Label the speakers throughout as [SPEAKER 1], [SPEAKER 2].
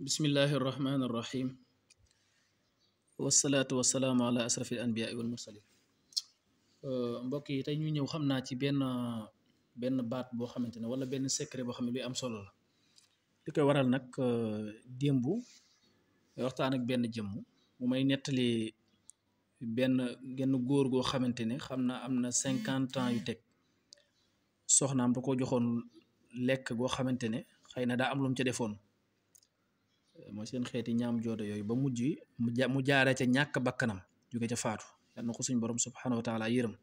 [SPEAKER 1] بسم الله الرحمن الرحيم والصلاة والسلام على أسرف الأنبياء والمرسلين مبكي تاي ني نيو خمنا تي بن بن بات بو خامتني ولا بن سكر بو خامي لوي ام سولو لا ديكو وارال نك ديمبو وقتان اك بن جيمو موماي نيتلي بن ген غور غو خامتني خمنا امنا 50 تان يو تك سوخنام داكو جوخون ليك غو خامتني خاينا دا ام لوم تي ديفون mooy seen xeeti ñaam joodo yooyu ba mujj mu jaaree ca ñàkk bakkanam jóge ca faatu yal na ko suñ borom subhanahu wa taala yërëm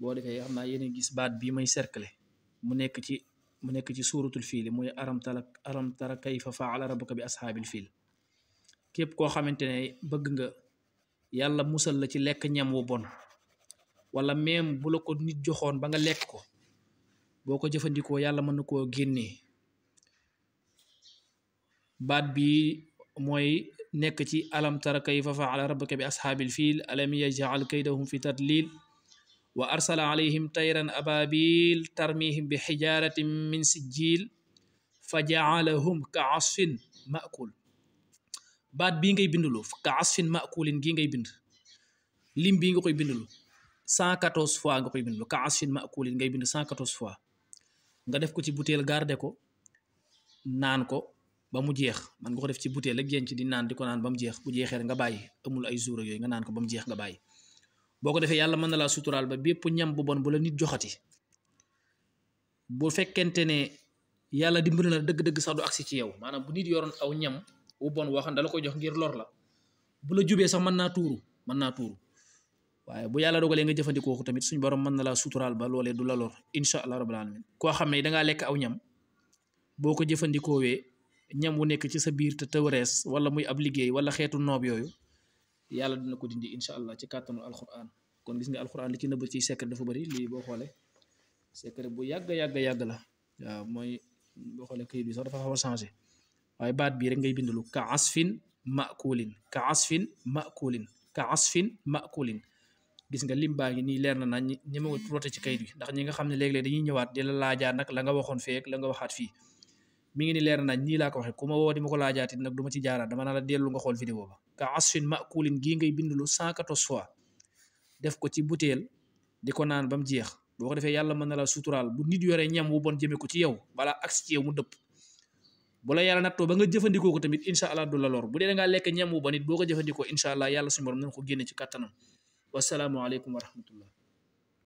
[SPEAKER 1] boo defee xam naa yéen gis baat bi may cercle mu nekk ci mu nekk ci suuratul fiil muy alam tara alam tara kayfa faala rabbuka bi ashaabil fiil képp koo xamante ne bëgg nga yàlla musal la ci lekk ñam wu bon wala même bu la ko nit joxoon ba nga lekk ko boo ko jëfandikoo yàlla mën na koo génnee baat bi mooy nekk ci alam tara kayfa faala rabbuka bi ashaabil fiil alam fi tadlil wa arsala alayhim tayran ababil tarmihim bi xijaratin min sijil fa jaalahum ka asfin maakul baat bii ngay bindulu ka asfin maakulin gii ngay bind lim bii nga koy bindulu cent quatorze fois nga koy bindulu ka asfin maakulin ngay bind cent quatorze fois nga def ko ci butéel garde ko naan ko ba mu jeex man nga ko def ci bouteille ak génn di nan di ko naan ba mu jeex bu jeexee nga bayyi amul ay jour yoy nga nan ko ba mu jeex nga bayyi boko defé yalla man la sutural ba bepp ñam bu bon bu la nit joxati bu fekente ne yàlla dimbali na deug deug sax du aksi ci yow manam bu nit yoron aw ñam bu bon wax da la ko jox ngir lor la bu la jubé sax man na touru man na touru waye bu yalla dogalee nga jëfandikoo ko tamit suñu borom man la sutural ba lolé du la lor inshallah allah alamin ko xamé da nga lek aw ñam boko wé ñam wu nekk ci sa biir te tawrees wala muy ab liggéey wala xeetu noob yooyu yàlla dina ko dindi incha allah ci kàttanu alquran kon gis nga alquran li ci nëbb ci secret dafa bari lii boo xoolee secret bu yàgg yàgg yàgg la waaw mooy boo xoolee këyit bi sax dafa xaw a changé waaye baat bii rek ngay bindalu ka asfin makulin ka asfin makulin ka asfin makulin gis nga lim baa ngi nii leer na nañ ñi ma roté ci kayit bi ndax ñi nga xam ne léeg-léeg dañuy ñëwaat di la laajaa nag la nga waxoon feek la nga waxaat fii mi ngi ni leer na ñi la ko waxe kuma ma woo di ma ko laajaatit ci jaara dama na la delu nga xol video ba ka asfin makulin gi ngay bind lu fois def ko ci bouteel diko naan bam jeex boo ko defee yàlla la sutural bu nit yoree ñam wu bon jëme ko ci yow bala agsi ci yow mu depp bu la yalla natto ba nga jëfëndiko ko tamit inshallah allah du la lor bu de nga lek ñam wu bon suñu borom nañ ko génne ci kàttanam wa rahmatullah